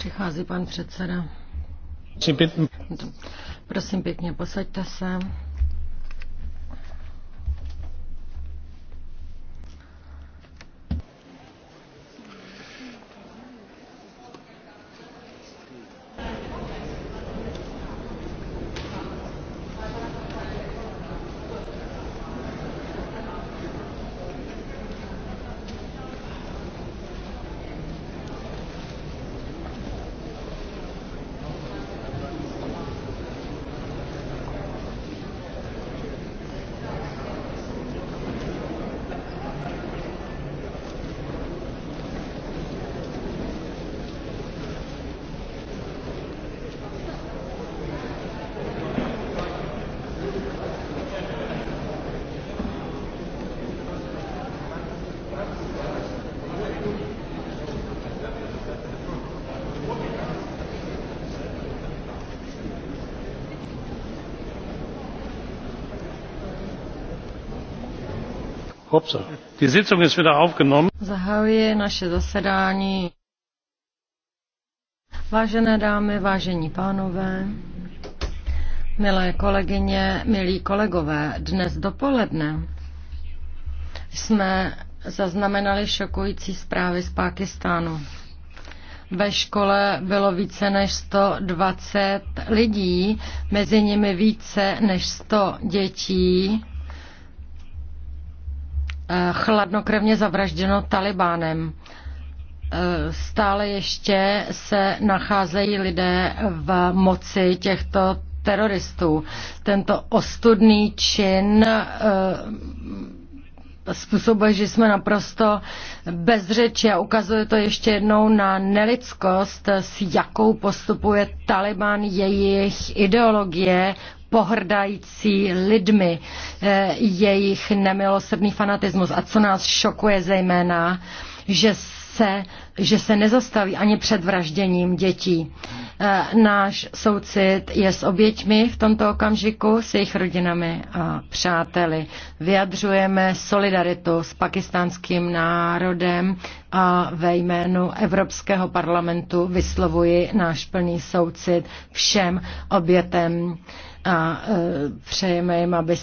Přichází pan předseda. Prosím pěkně, posaďte se. Zahajuji naše zasedání. Vážené dámy, vážení pánové, milé kolegyně, milí kolegové, dnes dopoledne jsme zaznamenali šokující zprávy z Pákistánu. Ve škole bylo více než 120 lidí, mezi nimi více než 100 dětí Eh, chladnokrevně zavražděno Talibánem. Eh, stále ještě se nacházejí lidé v moci těchto teroristů. Tento ostudný čin eh, způsobuje, že jsme naprosto bez řeči a ukazuje to ještě jednou na nelidskost, s jakou postupuje Taliban, jejich ideologie pohrdající lidmi, eh, jejich nemilosrdný fanatismus. A co nás šokuje zejména, že se, že se nezastaví ani před vražděním dětí. Eh, náš soucit je s oběťmi v tomto okamžiku, s jejich rodinami a přáteli. Vyjadřujeme solidaritu s pakistánským národem a ve jménu Evropského parlamentu vyslovuji náš plný soucit všem obětem a eh, přejeme jim, aby